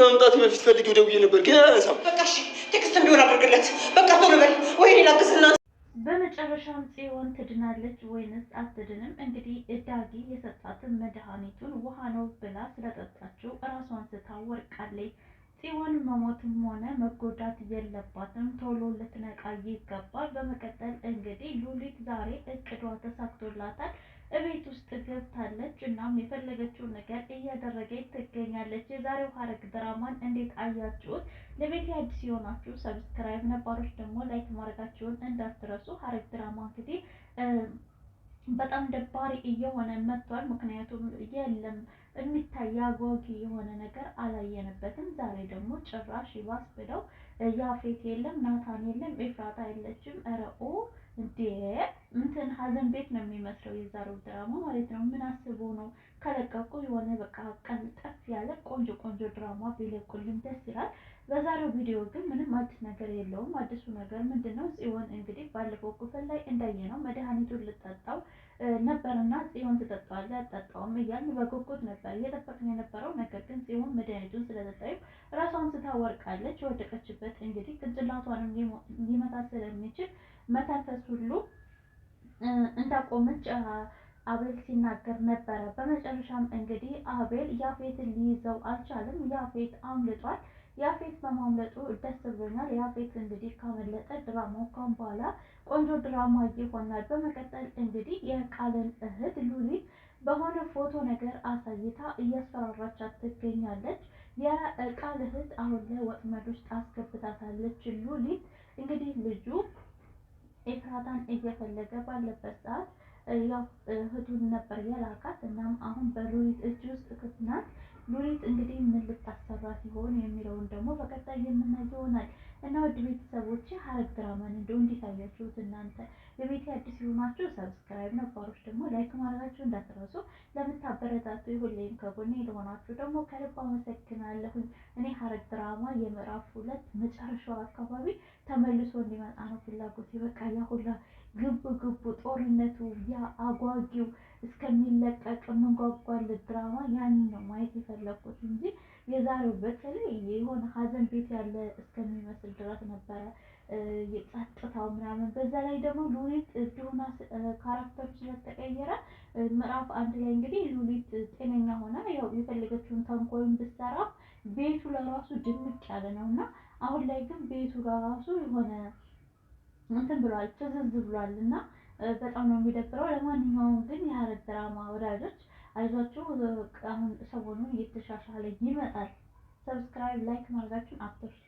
ከመምጣት በፊት ፈልጌው ደውዬ ነበር ግን አላነሳም። በቃ እሺ፣ ቴክስት እንዲሆን አድርግለት። በቃ ቶሎ በል ወይ ሌላ ክስና በመጨረሻም ጽዮን ትድናለች ወይንስ አትድንም? እንግዲህ ዳጊ የሰጣትን መድኃኒቱን ውሃ ነው ብላ ስለጠጣችው እራሷን ስታ ወርቃለች። ጽዮን መሞትም ሆነ መጎዳት የለባትም፣ ቶሎ ልትነቃ ይገባል። በመቀጠል እንግዲህ ሉሊት ዛሬ እቅዷ ተሳክቶላታል። እቤት ውስጥ ገብታለች። እናም የፈለገችውን ነገር እያደረገች ትገኛለች። የዛሬው ሀረግ ድራማን እንዴት አያችሁት? ለቤት አዲስ የሆናችሁ ሰብስክራይብ፣ ነባሮች ደግሞ ላይክ ማድረጋችሁን እንዳትረሱ። ሀረግ ድራማ እንግዲህ በጣም ደባሪ እየሆነ መጥቷል። ምክንያቱም የለም የሚታይ አጓጊ የሆነ ነገር አላየንበትም። ዛሬ ደግሞ ጭራሽ ይባስ ብለው ያፌት የለም፣ ናታን የለም፣ ኤፍራታ የለችም። ኧረ ኦ እንዴ እንትን ሀዘን ቤት ነው የሚመስለው የዛሬው ድራማ ማለት ነው። ምን አስቡ ነው ከለቀቁ የሆነ በቃ ቀን ጠፍ ያለ ቆንጆ ቆንጆ ድራማ ቢለቁልን ደስ ይላል። በዛሬው ቪዲዮ ግን ምንም አዲስ ነገር የለውም። አዲሱ ነገር ምንድን ነው? ጽዮን እንግዲህ ባለፈው ክፍል ላይ እንዳየ ነው መድኃኒቱን ልጠጣው ነበርና ጽዮን ትጠጣዋለ አጠጣውም እያልን በጉጉት ነበር እየጠበቅን የነበረው። ነገር ግን ጽዮን መድኃኒቱን ስለጠጣዩ ራሷን ስታወርቃለች የወደቀችበት እንግዲህ ቅንጭላቷንም ሊመታት ስለሚችል መተንፈስ ሁሉ እንዳቆመች አቤል ሲናገር ነበረ። በመጨረሻም እንግዲህ አቤል ያፌትን ሊይዘው አልቻለም። ያፌት አምልጧል። ያፌት በማምለጡ ደስ ብሎኛል። ያፌት እንግዲህ ካመለጠ ድራማው ካሁን በኋላ ቆንጆ ድራማ ይሆናል። በመቀጠል እንግዲህ የቃልን እህት ሉሊት በሆነ ፎቶ ነገር አሳይታ እያስፈራራቻት ትገኛለች። የቃል እህት አሁን ላይ ወጥመድ ውስጥ አስገብታታለች። ሉሊት እንግዲህ ልጁ ኤፍራታን እየፈለገ ባለበት ሰዓት ያው እህቱን ነበር የላካት። እናም አሁን በሉሊት እጅ ውስጥ ክፍናት ሉሊት እንግዲህ ምን ልታሰራ ሲሆን የሚለውን ደግሞ በቀጣይ የምናየው ይሆናል። እና ውድ ቤተሰቦች ሀረግ ድራማን እንደው እንዴት አያችሁት እናንተ? የቤት አዲስ የሆናችሁ ሰብስክራይብ፣ ነባሮች ደግሞ ላይክ ማድረጋችሁ እንዳትረሱ። ለምታበረታቱ ሁሌም ከጎኔ ለሆናችሁ ደግሞ ከልብ አመሰግናለሁኝ። እኔ ሀረግ ድራማ የምዕራፍ ሁለት መጨረሻው አካባቢ ተመልሶ እንዲመጣ ነው ፍላጎት። በቃ ያ ሁላ ግቡ ግቡ ጦርነቱ ያ አጓጊው እስከሚለቀቅ የምንጓጓለት ድራማ ያን ነው ማየት የፈለግኩት እንጂ የዛሬው በተለይ የሆነ ሀዘን ቤት ያለ እስከሚመስል ድረስ ነበረ ጸጥታው ምናምን። በዛ ላይ ደግሞ ሉሊት ዲሆና ካራክተር ስለተቀየረ ምዕራፍ አንድ ላይ እንግዲህ ሉሊት ጤነኛ ሆና ያው የፈለገችውን ተንኮልን ብትሰራ ቤቱ ለራሱ ድምቅ ያለ ነው እና አሁን ላይ ግን ቤቱ ለራሱ የሆነ እንትን ብሏል፣ ትዝዝ ብሏል እና በጣም ነው የሚደብረው። ለማንኛውም ግን የሀረግ ድራማ ወዳጆች አይዟችሁ አሁን ሰሞኑን እየተሻሻለ ይመጣል። ሰብስክራይብ ላይክ ማድረጋችሁን አትርሱ።